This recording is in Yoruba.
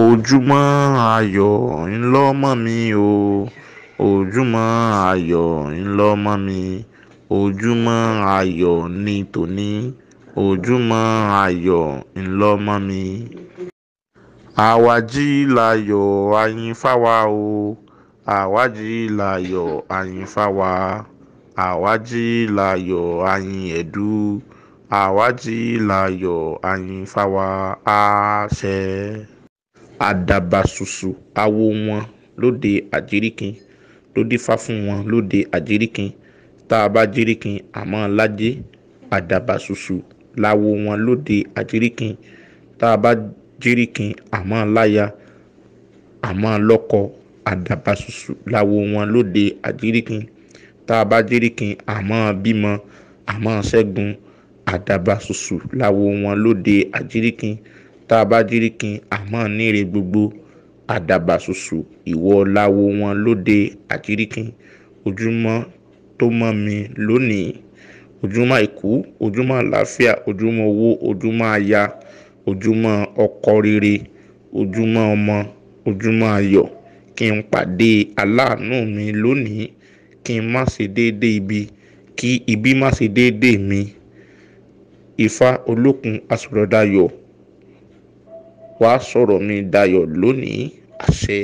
ojúmọ́ ayọ̀ ńlọ mọ́ mi o ojúmọ́ ayọ̀ ńlọ mọ́ mi ojúmọ́ ayọ̀ ní tòní ojúmọ́ ayọ̀ ńlọ mọ́ mi. àwájí láyọ̀ àyìnfáwa o àwájí láyọ̀ àyìnfáwa àwájí láyọ̀ àyìn ẹ̀dú àwájí láyọ̀ àyìnfáwa àṣẹ. Adabasusu, awo wọn lóde àjíríkin ló dífá fún wọn lóde àjíríkin tá a bá jíríkin àmọ́ lájé àdàbàṣoṣo láwo wọn lóde àjíríkin tá a bá jíríkin àmọ́ láya àmọ́ lọ́kọ àdàbàṣoṣo láwo wọn lóde àjíríkin tá a bá jíríkin àmọ́ bímọ àmọ́ ṣẹ́gun àdàbàṣoṣo láwo wọn lóde àjíríkin tá a bá díríkin àmọ́ níre gbogbo àdàbàṣoṣo ìwọ láwo wọn lóde àjíríkin ojúmọ́ tó mọ́ mi lónìí ojúmọ́ àìkú ojúmọ́ àlàáfíà ojúmọ́ owó ojúmọ́ aya ojúmọ́ ọkọ rere ojúmọ́ ọmọ ojúmọ́ ayọ̀ kí n pàdé aláàánú mi lónìí kí n má ṣe déédé ibi kí ibi má ṣe déédé mi ifá olókun àsọ̀rọ̀dayọ̀ wàá sọ̀rọ̀ mi dayọ̀ lónìí àṣẹ.